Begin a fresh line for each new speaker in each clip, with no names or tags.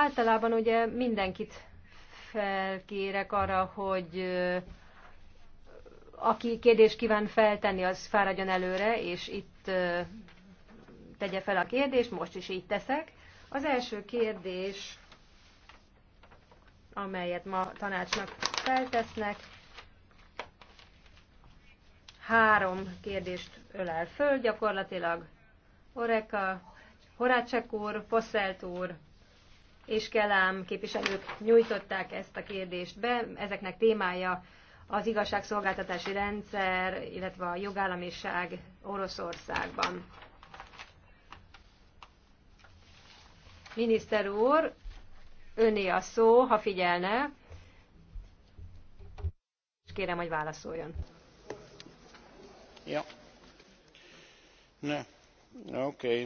Általában ugye mindenkit felkérek arra, hogy aki kérdést kíván feltenni, az fáradjon előre, és itt tegye fel a kérdést, most is így teszek. Az első kérdés, amelyet ma tanácsnak feltesznek, három kérdést ölel föl gyakorlatilag. Oreka, Horácsek úr, Poszelt úr és Kelám képviselők nyújtották ezt a kérdést be. Ezeknek témája az igazságszolgáltatási rendszer, illetve a jogállamiság Oroszországban. Miniszter úr, öné a szó, ha figyelne, és kérem, hogy válaszoljon.
Ja. Ne.
Okay.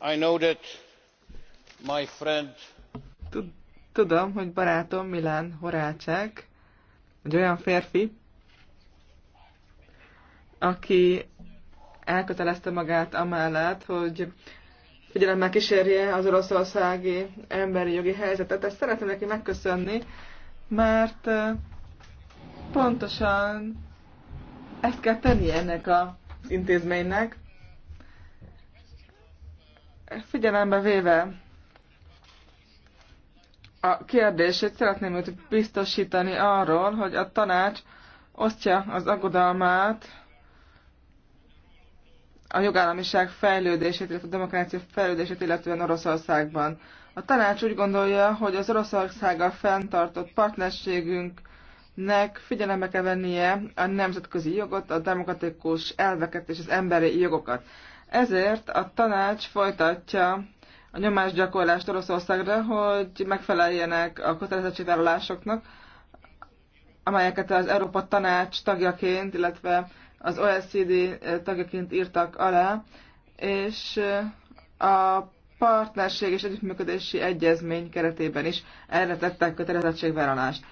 I know that My friend.
Tudom, hogy barátom Milán Horácsák, egy olyan férfi, aki elkötelezte magát amellett, hogy figyelemmel kísérje az oroszországi emberi jogi helyzetet. Ezt szeretném neki megköszönni, mert pontosan ezt kell tenni ennek az intézménynek, figyelembe véve a kérdését, szeretném őt biztosítani arról, hogy a tanács osztja az aggodalmát a jogállamiság fejlődését, illetve a demokrácia fejlődését, illetően Oroszországban. A tanács úgy gondolja, hogy az Oroszországgal fenntartott partnerségünknek figyelembe kell vennie a nemzetközi jogot, a demokratikus elveket és az emberi jogokat. Ezért a tanács folytatja a nyomásgyakorlást Oroszországra, hogy megfeleljenek a kötelezettségvállalásoknak, amelyeket az Európa Tanács tagjaként, illetve az OECD eh, tagjaként írtak alá, és eh, a partnerség és együttműködési egyezmény keretében is erre tettek kötelezettségvállalást.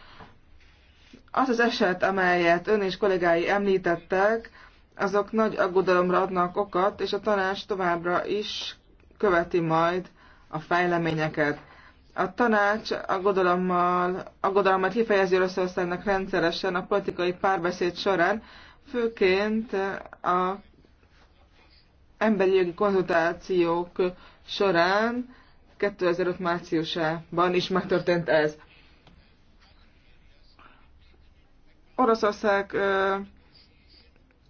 Az az eset, amelyet ön és kollégái említettek, azok nagy aggodalomra adnak okat, és a tanács továbbra is követi majd a fejleményeket. A tanács aggodalommal, aggodalmat kifejezi Oroszországnak rendszeresen a politikai párbeszéd során, főként a emberi jogi konzultációk során 2005 márciusában is megtörtént ez. Oroszország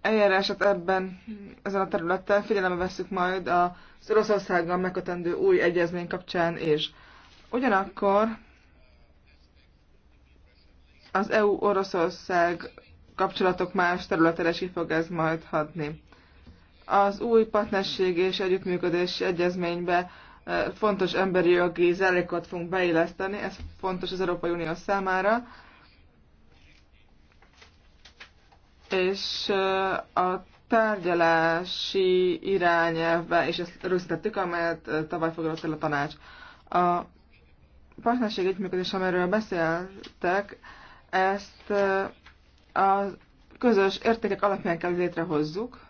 eljárását ebben, ezen a területen figyelembe veszük majd az Oroszországgal megkötendő új egyezmény kapcsán és Ugyanakkor az EU-Oroszország kapcsolatok más területére is fog ez majd hadni. Az új partnerség és együttműködési egyezménybe e, fontos emberi jogi zárékot fogunk beilleszteni, ez fontos az Európai Unió számára, és a tárgyalási irányelvbe, és ezt rögzítettük, amelyet tavaly fogadott el a tanács. A partnerség együttműködés, amiről beszéltek, ezt a közös értékek alapján kell létrehozzuk.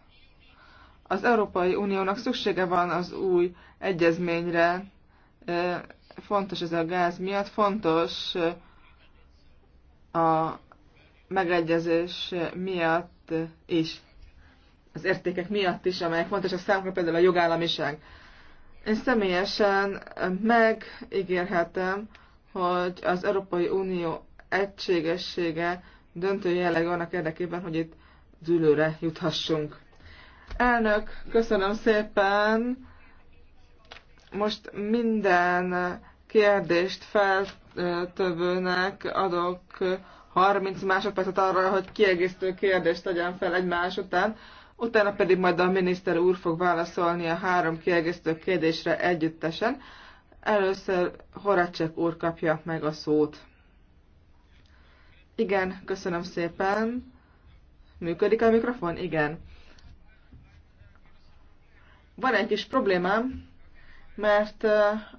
Az Európai Uniónak szüksége van az új egyezményre, fontos ez a gáz miatt, fontos a megegyezés miatt is, az értékek miatt is, amelyek fontos a számunkra például a jogállamiság. Én személyesen megígérhetem, hogy az Európai Unió egységessége döntő jelleg annak érdekében, hogy itt zülőre juthassunk. Elnök, köszönöm szépen! Most minden kérdést feltövőnek adok 30 másodpercet arra, hogy kiegészítő kérdést tegyen fel egymás után, utána pedig majd a miniszter úr fog válaszolni a három kiegészítő kérdésre együttesen. Először Horacek úr kapja meg a szót. Igen, köszönöm szépen. Működik a mikrofon? Igen. Van egy kis problémám, mert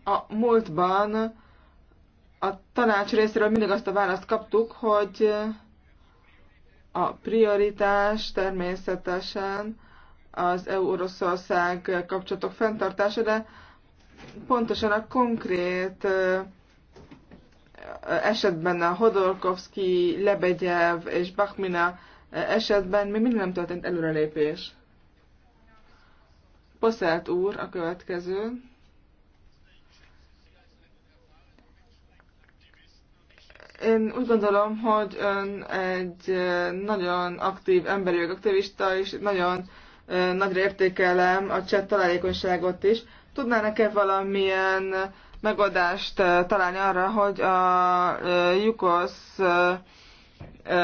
a múltban a tanács részéről mindig azt a választ kaptuk, hogy a prioritás természetesen az EU-Oroszország kapcsolatok fenntartása, de pontosan a konkrét esetben a Hodorkovsky, Lebegyev és Bachmina esetben még mindig nem történt előrelépés. Poszelt úr a következő. Én úgy gondolom, hogy ön egy nagyon aktív emberi aktivista, és nagyon nagyra értékelem a cset találékonyságot is. Tudná e valamilyen megoldást találni arra, hogy a Jukosz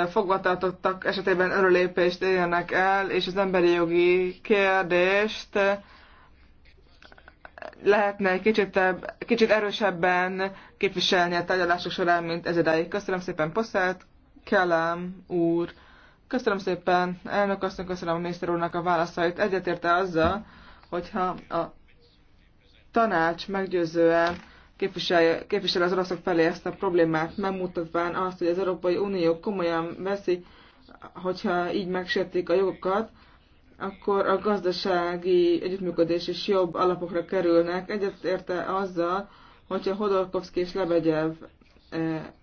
fogvatartottak esetében örülépést éljenek el, és az emberi jogi kérdést lehetne egy kicsit, kicsit erősebben képviselni a tárgyalások során, mint ez idáig. Köszönöm szépen Poszelt, Kelem úr, köszönöm szépen elnök asszony, köszönöm a miniszter úrnak a válaszait. Egyetérte azzal, hogyha a tanács meggyőzően képvisel, képvisel az oroszok felé ezt a problémát, megmutatván azt, hogy az Európai Unió komolyan veszi, hogyha így megsértik a jogokat, akkor a gazdasági együttműködés is jobb alapokra kerülnek. Egyet érte azzal, hogyha Hodorkovszki és Lebegyev e,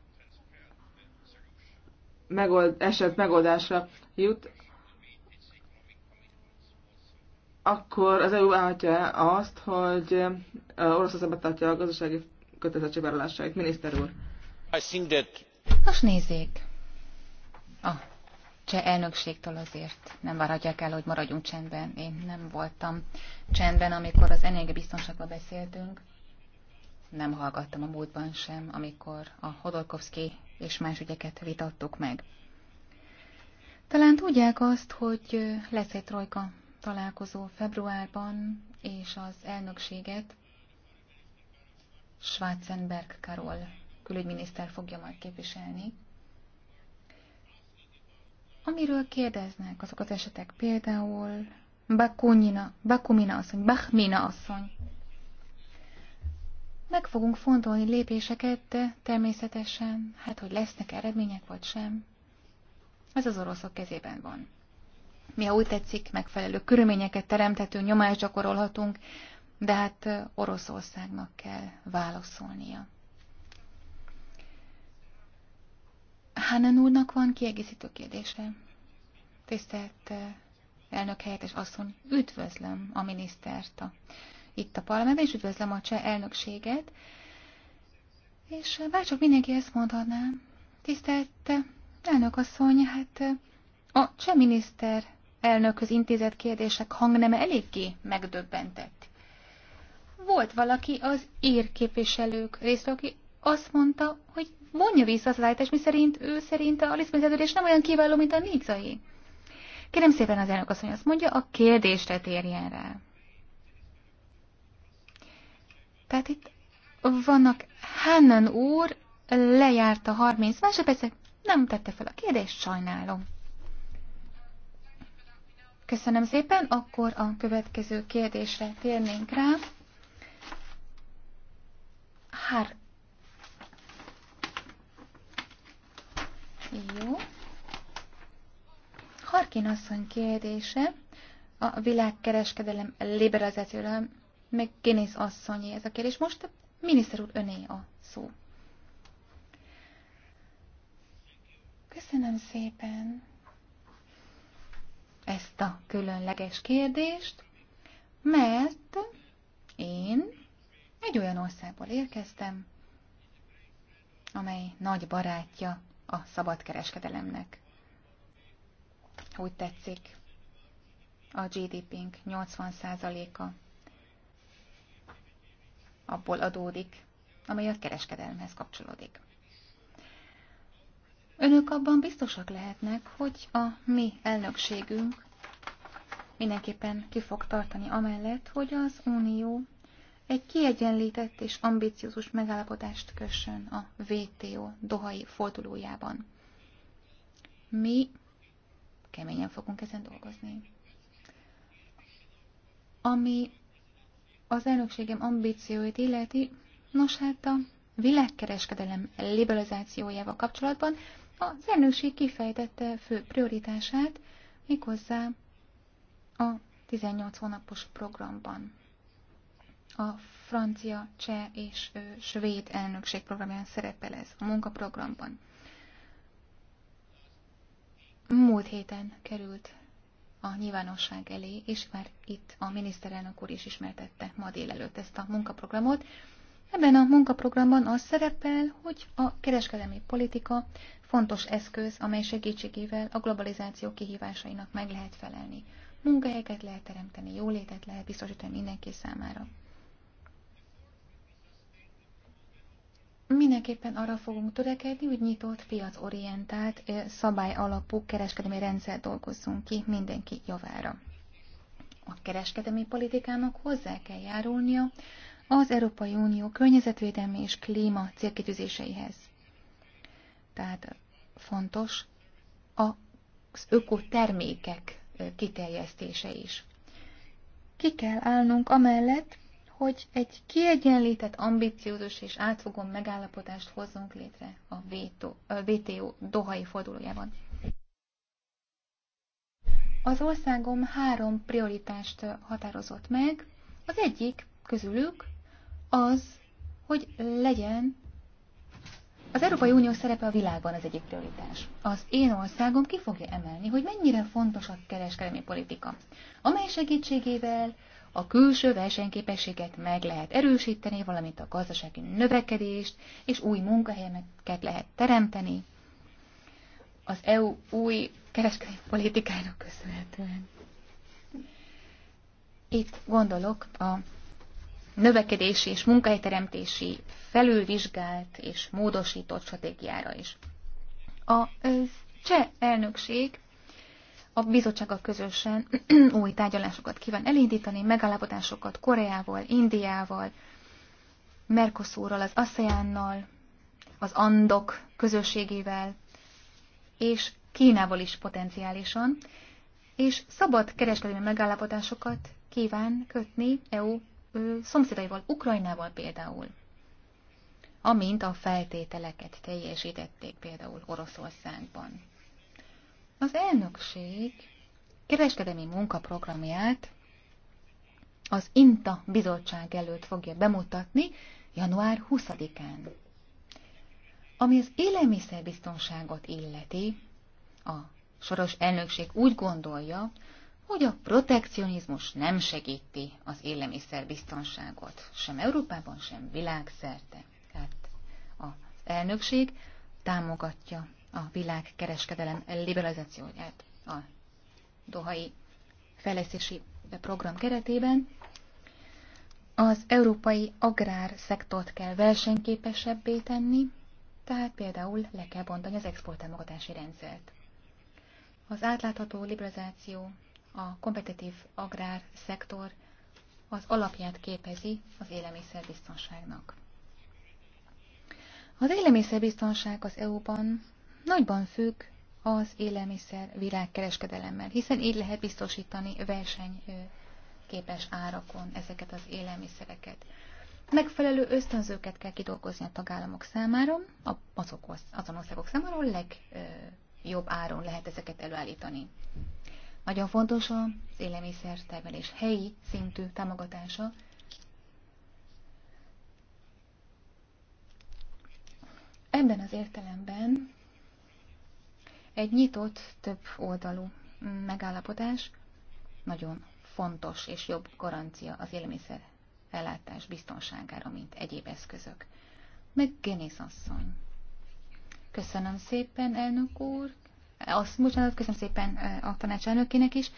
megold, eset megoldásra jut, akkor az EU állhatja azt, hogy e, Oroszország betartja a gazdasági kötelezettségvállalásait. Miniszter úr.
Most nézzék, Ah cseh elnökségtől azért nem várhatják el, hogy maradjunk csendben. Én nem voltam csendben, amikor az enyége biztonságban beszéltünk. Nem hallgattam a múltban sem, amikor a Hodorkovszki és más ügyeket vitattuk meg. Talán tudják azt, hogy lesz egy trojka találkozó februárban, és az elnökséget Schwarzenberg Karol külügyminiszter fogja majd képviselni. Amiről kérdeznek azok az esetek, például Bakunina, Bakumina asszony, Bachmina asszony. Meg fogunk fontolni lépéseket, de természetesen, hát hogy lesznek eredmények vagy sem, ez az oroszok kezében van. Mi, ha úgy tetszik, megfelelő körülményeket teremtető nyomást gyakorolhatunk, de hát Oroszországnak kell válaszolnia. Hánen úrnak van kiegészítő kérdése. Tisztelt eh, elnök helyettes asszony, üdvözlöm a minisztert a, itt a parlamentben, és üdvözlöm a cseh elnökséget. És eh, bárcsak mindenki ezt mondhatná. Tisztelt eh, elnök asszony, hát a cseh miniszter elnökhöz intézett kérdések hangneme eléggé megdöbbentett. Volt valaki az ír képviselők részt, aki azt mondta, hogy vonja vissza az állítás, miszerint ő szerint a Lisztoni nem olyan kiváló, mint a nicai. Kérem szépen az elnök asszony azt mondja, a kérdésre térjen rá. Tehát itt vannak Hannan úr, lejárt a 30 másodpercet, nem tette fel a kérdést, sajnálom. Köszönöm szépen, akkor a következő kérdésre térnénk rá. Har Jó. Harkin asszony kérdése a világkereskedelem liberalizációra, meg Guinness asszonyi ez a kérdés. Most a miniszter úr öné a szó. Köszönöm szépen ezt a különleges kérdést, mert én egy olyan országból érkeztem, amely nagy barátja a kereskedelemnek, Úgy tetszik, a GDP-nk 80%-a abból adódik, amely a kereskedelmhez kapcsolódik. Önök abban biztosak lehetnek, hogy a mi elnökségünk mindenképpen ki fog tartani amellett, hogy az Unió egy kiegyenlített és ambiciózus megállapodást kössön a WTO dohai fordulójában. Mi keményen fogunk ezen dolgozni. Ami az elnökségem ambícióit illeti, nos hát a világkereskedelem liberalizációjával kapcsolatban az elnökség kifejtette fő prioritását, méghozzá a 18 hónapos programban a francia, cseh és svéd elnökség programján szerepel ez a munkaprogramban. Múlt héten került a nyilvánosság elé, és már itt a miniszterelnök úr is ismertette ma délelőtt ezt a munkaprogramot. Ebben a munkaprogramban az szerepel, hogy a kereskedelmi politika fontos eszköz, amely segítségével a globalizáció kihívásainak meg lehet felelni. Munkahelyeket lehet teremteni, jólétet lehet biztosítani mindenki számára. Mindenképpen arra fogunk törekedni, hogy nyitott, piacorientált, szabály alapú kereskedelmi rendszer dolgozzunk ki mindenki javára. A kereskedelmi politikának hozzá kell járulnia az Európai Unió környezetvédelmi és klíma célkitűzéseihez. Tehát fontos az ökotermékek kiterjesztése is. Ki kell állnunk amellett, hogy egy kiegyenlített, ambiciózus és átfogó megállapodást hozzunk létre a WTO dohai fordulójában. Az országom három prioritást határozott meg. Az egyik közülük az, hogy legyen az Európai Unió szerepe a világban az egyik prioritás. Az én országom ki fogja emelni, hogy mennyire fontos a kereskedelmi politika, amely segítségével a külső versenyképességet meg lehet erősíteni, valamint a gazdasági növekedést, és új munkahelyeket lehet teremteni az EU új kereskedelmi politikának köszönhetően. Itt gondolok a növekedési és munkahelyteremtési felülvizsgált és módosított stratégiára is. A cseh elnökség a bizottsága közösen új tárgyalásokat kíván elindítani, megállapodásokat Koreával, Indiával, Mercosurral, az ASEAN-nal, az Andok közösségével, és Kínával is potenciálisan, és szabad kereskedelmi megállapodásokat kíván kötni EU ö, szomszédaival, Ukrajnával például, amint a feltételeket teljesítették például Oroszországban. Az elnökség kereskedelmi munkaprogramját az INTA bizottság előtt fogja bemutatni január 20-án. Ami az élelmiszerbiztonságot illeti, a soros elnökség úgy gondolja, hogy a protekcionizmus nem segíti az élelmiszerbiztonságot, sem Európában, sem világszerte. Tehát az elnökség támogatja a világkereskedelem liberalizációját a Dohai fejlesztési program keretében. Az európai agrárszektort kell versenyképesebbé tenni, tehát például le kell bontani az exporttámogatási rendszert. Az átlátható liberalizáció, a kompetitív agrárszektor az alapját képezi az élelmiszerbiztonságnak. Az élelmiszerbiztonság az EU-ban nagyban függ az élelmiszer világkereskedelemmel, hiszen így lehet biztosítani versenyképes árakon ezeket az élelmiszereket. Megfelelő ösztönzőket kell kidolgozni a tagállamok számára, azok, azon országok számára, a legjobb áron lehet ezeket előállítani. Nagyon fontos az élelmiszer termelés helyi szintű támogatása, Ebben az értelemben egy nyitott, több oldalú megállapodás nagyon fontos és jobb garancia az élelmiszer ellátás biztonságára, mint egyéb eszközök. Meg Genész asszony. Köszönöm szépen, elnök úr. Azt, bocsánat, köszönöm szépen a tanács elnökének is.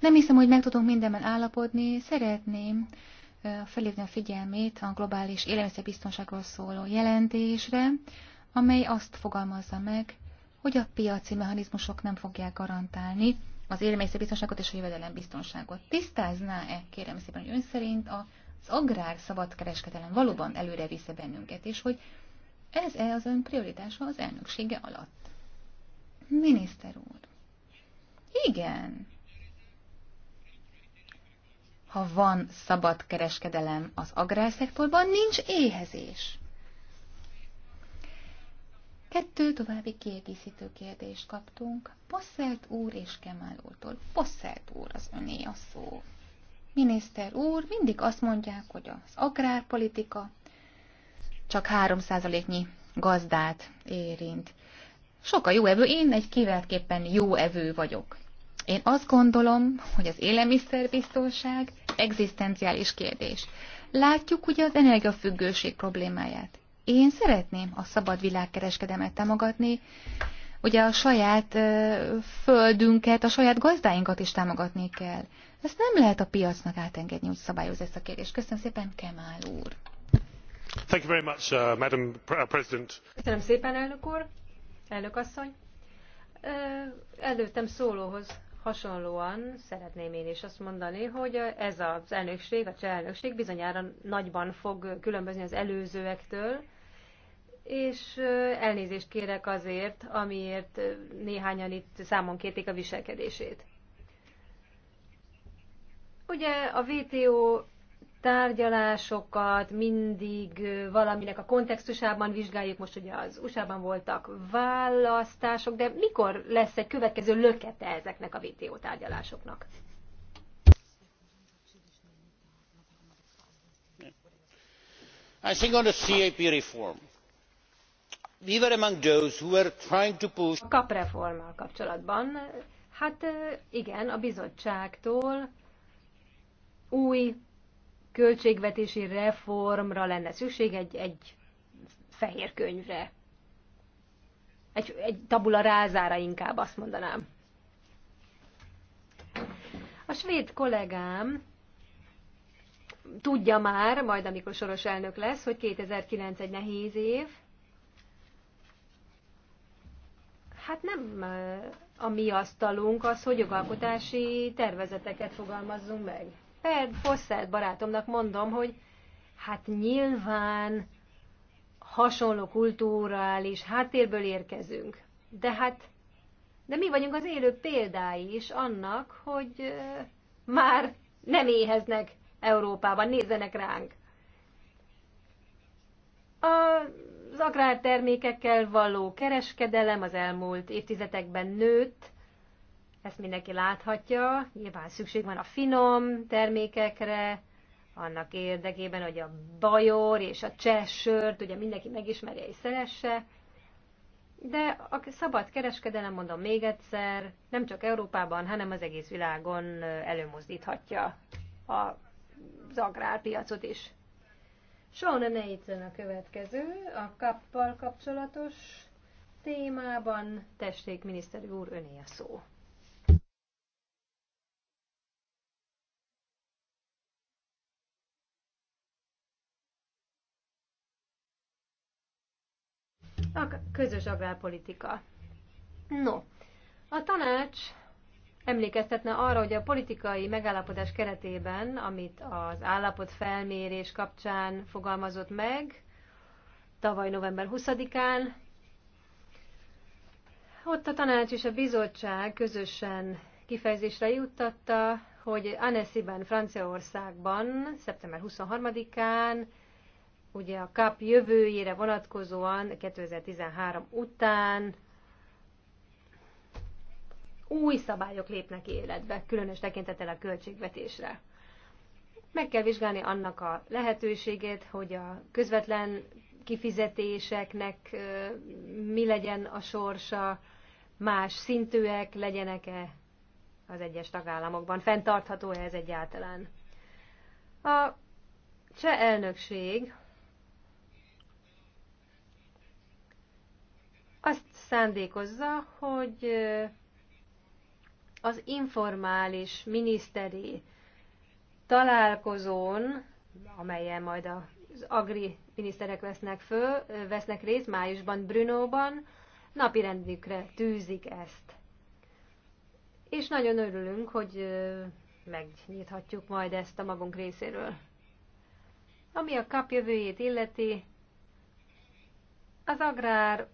Nem hiszem, hogy meg tudunk mindenben állapodni. Szeretném felhívni a figyelmét a globális élelmiszerbiztonságról szóló jelentésre, amely azt fogalmazza meg, hogy a piaci mechanizmusok nem fogják garantálni az élelmiszerbiztonságot és a jövedelembiztonságot. Tisztázná-e, kérem szépen, hogy ön szerint az agrár kereskedelem valóban előre visze bennünket, és hogy ez-e az ön prioritása az elnöksége alatt? Miniszter úr. Igen. Ha van szabad kereskedelem az agrárszektorban, nincs éhezés. Kettő további kiegészítő kérdést kaptunk Posselt úr és Kemal úrtól. Posselt úr az öné a szó. Miniszter úr, mindig azt mondják, hogy az agrárpolitika csak 3%-nyi gazdát érint. Sok a jó evő, én egy kiváltképpen jó evő vagyok. Én azt gondolom, hogy az élelmiszerbiztonság egzisztenciális kérdés. Látjuk ugye az energiafüggőség problémáját. Én szeretném a szabad világkereskedemet támogatni, ugye a saját földünket, a saját gazdáinkat is támogatni kell. Ezt nem lehet a piacnak átengedni, hogy szabályoz ezt a kérdést. Köszönöm szépen, Kemál
úr. Thank you very much, uh, Madam uh, President. Köszönöm szépen, elnök úr, elnök asszony. Előttem szólóhoz hasonlóan szeretném én is azt mondani, hogy ez az elnökség, a cseh elnökség bizonyára nagyban fog különbözni az előzőektől, és elnézést kérek azért, amiért néhányan itt számon kérték a viselkedését. Ugye a VTO tárgyalásokat mindig valaminek a kontextusában vizsgáljuk, most ugye az USA-ban voltak választások, de mikor lesz egy következő lökete ezeknek a VTO tárgyalásoknak? I think on the CAP reform. A kapreformmal kapcsolatban, hát igen, a bizottságtól új költségvetési reformra lenne szükség, egy, egy fehér könyvre. Egy, egy tabula rázára inkább azt mondanám. A svéd kollégám tudja már, majd amikor soros elnök lesz, hogy 2009 egy nehéz év, hát nem eh, a mi asztalunk az, hogy jogalkotási tervezeteket fogalmazzunk meg. Per Fosszert barátomnak mondom, hogy hát nyilván hasonló kulturális háttérből érkezünk. De hát, de mi vagyunk az élő példái is annak, hogy eh, már nem éheznek Európában, nézzenek ránk. A az agrártermékekkel való kereskedelem az elmúlt évtizedekben nőtt, ezt mindenki láthatja, nyilván szükség van a finom termékekre, annak érdekében, hogy a bajor és a csessört, ugye mindenki megismerje és szeresse, de a szabad kereskedelem, mondom még egyszer, nem csak Európában, hanem az egész világon előmozdíthatja az agrárpiacot is. Sauna Nathan a következő, a kappal kapcsolatos témában. Tessék, miniszter úr, öné a szó. A közös agrárpolitika. No, a tanács emlékeztetne arra, hogy a politikai megállapodás keretében, amit az állapotfelmérés kapcsán fogalmazott meg, tavaly november 20-án, ott a tanács és a bizottság közösen kifejezésre juttatta, hogy Annecy-ben, Franciaországban, szeptember 23-án, ugye a KAP jövőjére vonatkozóan 2013 után új szabályok lépnek életbe, különös tekintettel a költségvetésre. Meg kell vizsgálni annak a lehetőségét, hogy a közvetlen kifizetéseknek mi legyen a sorsa, más szintűek legyenek-e az egyes tagállamokban, fenntartható-e ez egyáltalán. A cseh elnökség azt szándékozza, hogy az informális miniszteri találkozón, amelyen majd az agri miniszterek vesznek, föl, vesznek részt májusban Brunóban, napirendükre tűzik ezt. És nagyon örülünk, hogy megnyithatjuk majd ezt a magunk részéről. Ami a kap jövőjét illeti, az agrár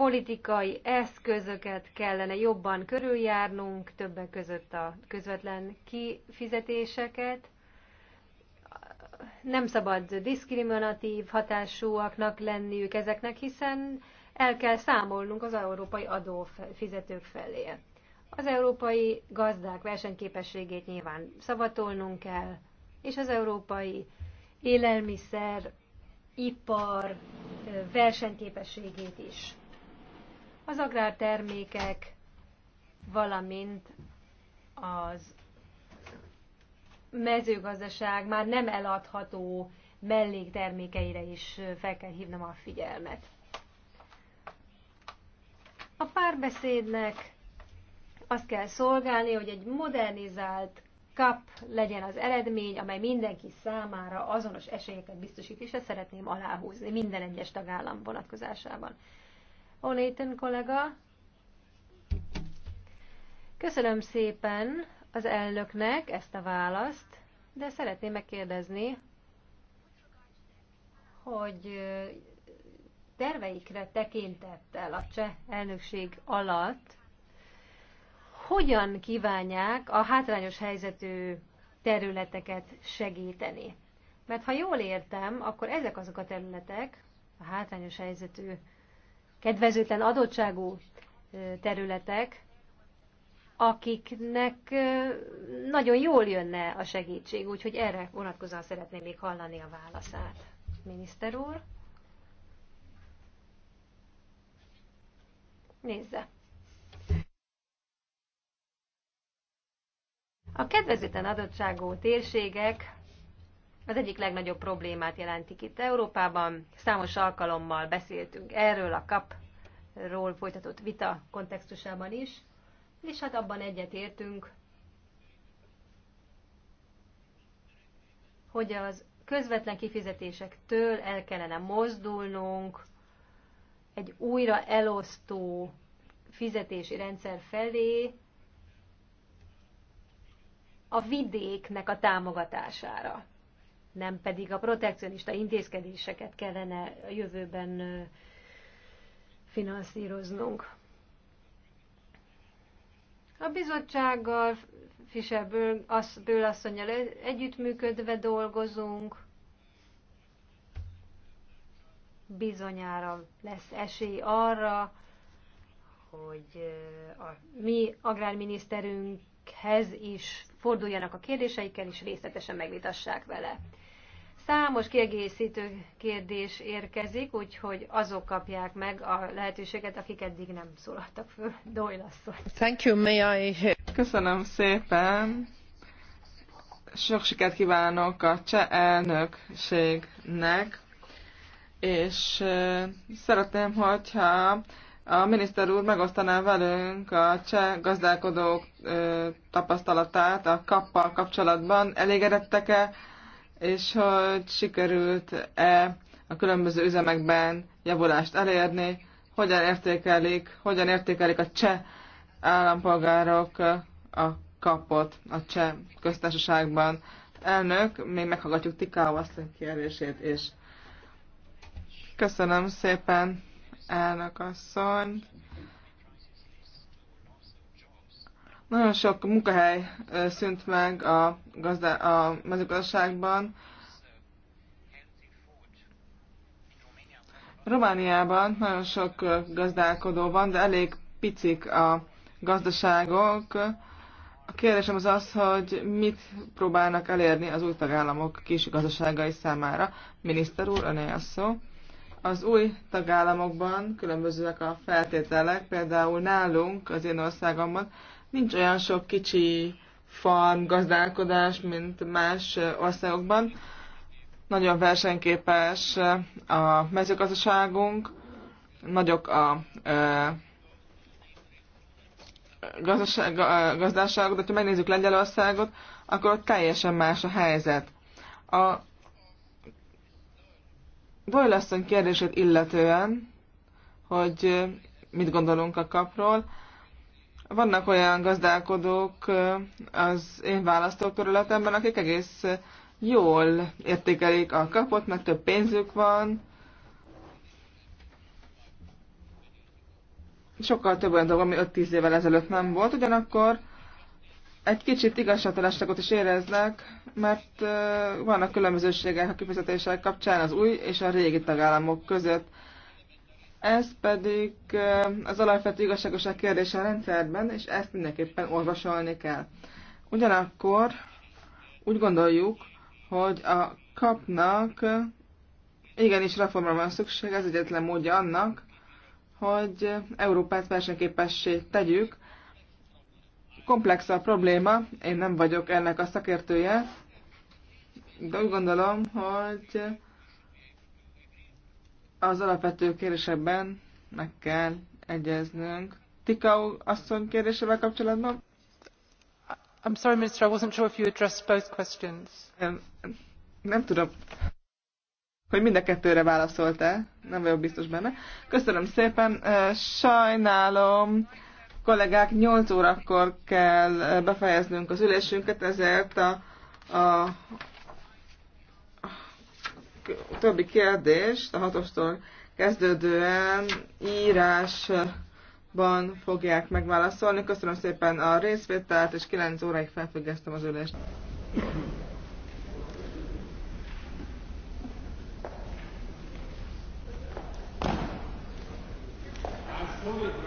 politikai eszközöket kellene jobban körüljárnunk, többek között a közvetlen kifizetéseket. Nem szabad diszkriminatív hatásúaknak lenniük ezeknek, hiszen el kell számolnunk az európai adófizetők felé. Az európai gazdák versenyképességét nyilván szavatolnunk kell, és az európai élelmiszer, ipar versenyképességét is az agrártermékek, valamint az mezőgazdaság már nem eladható melléktermékeire is fel kell hívnom a figyelmet. A párbeszédnek azt kell szolgálni, hogy egy modernizált kap legyen az eredmény, amely mindenki számára azonos esélyeket biztosít, és ezt szeretném aláhúzni minden egyes tagállam vonatkozásában. Onéten, kollega. Köszönöm szépen az elnöknek ezt a választ, de szeretném megkérdezni, hogy terveikre tekintettel a cseh elnökség alatt hogyan kívánják a hátrányos helyzetű területeket segíteni. Mert ha jól értem, akkor ezek azok a területek, a hátrányos helyzetű kedvezőtlen adottságú területek, akiknek nagyon jól jönne a segítség, úgyhogy erre vonatkozóan szeretném még hallani a válaszát. Miniszter úr. Nézze. A kedvezőtlen adottságú térségek az egyik legnagyobb problémát jelentik itt Európában. Számos alkalommal beszéltünk erről a kapról folytatott vita kontextusában is, és hát abban egyetértünk, hogy az közvetlen kifizetésektől el kellene mozdulnunk egy újra elosztó fizetési rendszer felé a vidéknek a támogatására nem pedig a protekcionista intézkedéseket kellene a jövőben finanszíroznunk. A bizottsággal, Fischer Ből asszonyjal együttműködve dolgozunk. Bizonyára lesz esély arra, hogy a mi agrárminiszterünkhez is forduljanak a kérdéseikkel, és részletesen megvitassák vele. Számos kiegészítő kérdés érkezik, úgyhogy azok kapják meg a lehetőséget, akik eddig nem szólaltak föl. Doyle asszony.
Thank you, may I... Köszönöm szépen. Sok sikert kívánok a cseh elnökségnek, és szeretném, hogyha a miniszter úr megosztaná velünk a cseh gazdálkodók tapasztalatát a kappal kapcsolatban. Elégedettek-e és hogy sikerült-e a különböző üzemekben javulást elérni, hogyan értékelik, hogyan értékelik a cseh állampolgárok a kapot a cseh köztársaságban. Elnök, még meghallgatjuk Tikáó asszony kérdését is. Köszönöm szépen, elnök asszony. Nagyon sok munkahely szűnt meg a, gazda, a mezőgazdaságban. Romániában nagyon sok gazdálkodó van, de elég picik a gazdaságok. A kérdésem az az, hogy mit próbálnak elérni az új tagállamok kis gazdaságai számára. Miniszter úr, öné a szó. Az új tagállamokban különbözőek a feltételek, például nálunk, az én országomban Nincs olyan sok kicsi farm gazdálkodás, mint más országokban. Nagyon versenyképes a mezőgazdaságunk, nagyok a e, gazdaságok, de ha megnézzük Lengyelországot, akkor teljesen más a helyzet. A Doyle kérdését illetően, hogy mit gondolunk a kapról, vannak olyan gazdálkodók az én választókörületemben, akik egész jól értékelik a kapot, mert több pénzük van, sokkal több olyan dolog, ami 5-10 évvel ezelőtt nem volt, ugyanakkor egy kicsit igazságtalanságot is éreznek, mert vannak különbözőségek a kifizetések kapcsán az új és a régi tagállamok között. Ez pedig eh, az alapvető igazságoság kérdése a rendszerben, és ezt mindenképpen olvasolni kell. Ugyanakkor úgy gondoljuk, hogy a kapnak eh, igenis reformra van szükség, ez egyetlen módja annak, hogy Európát versenyképessé tegyük. Komplex a probléma, én nem vagyok ennek a szakértője, de úgy gondolom, hogy az alapvető kérdésekben meg kell egyeznünk. Tikau asszony kérdésével kapcsolatban? I'm sorry, Minister, I wasn't sure if you addressed both questions. Nem, nem tudom, hogy mind a kettőre válaszolt-e, nem vagyok biztos benne. Köszönöm szépen, sajnálom, kollégák, 8 órakor kell befejeznünk az ülésünket, ezért a, a többi kérdés a hatostól kezdődően írásban fogják megválaszolni. Köszönöm szépen a részvételt, és 9 óráig felfüggesztem az ülést. Thank you.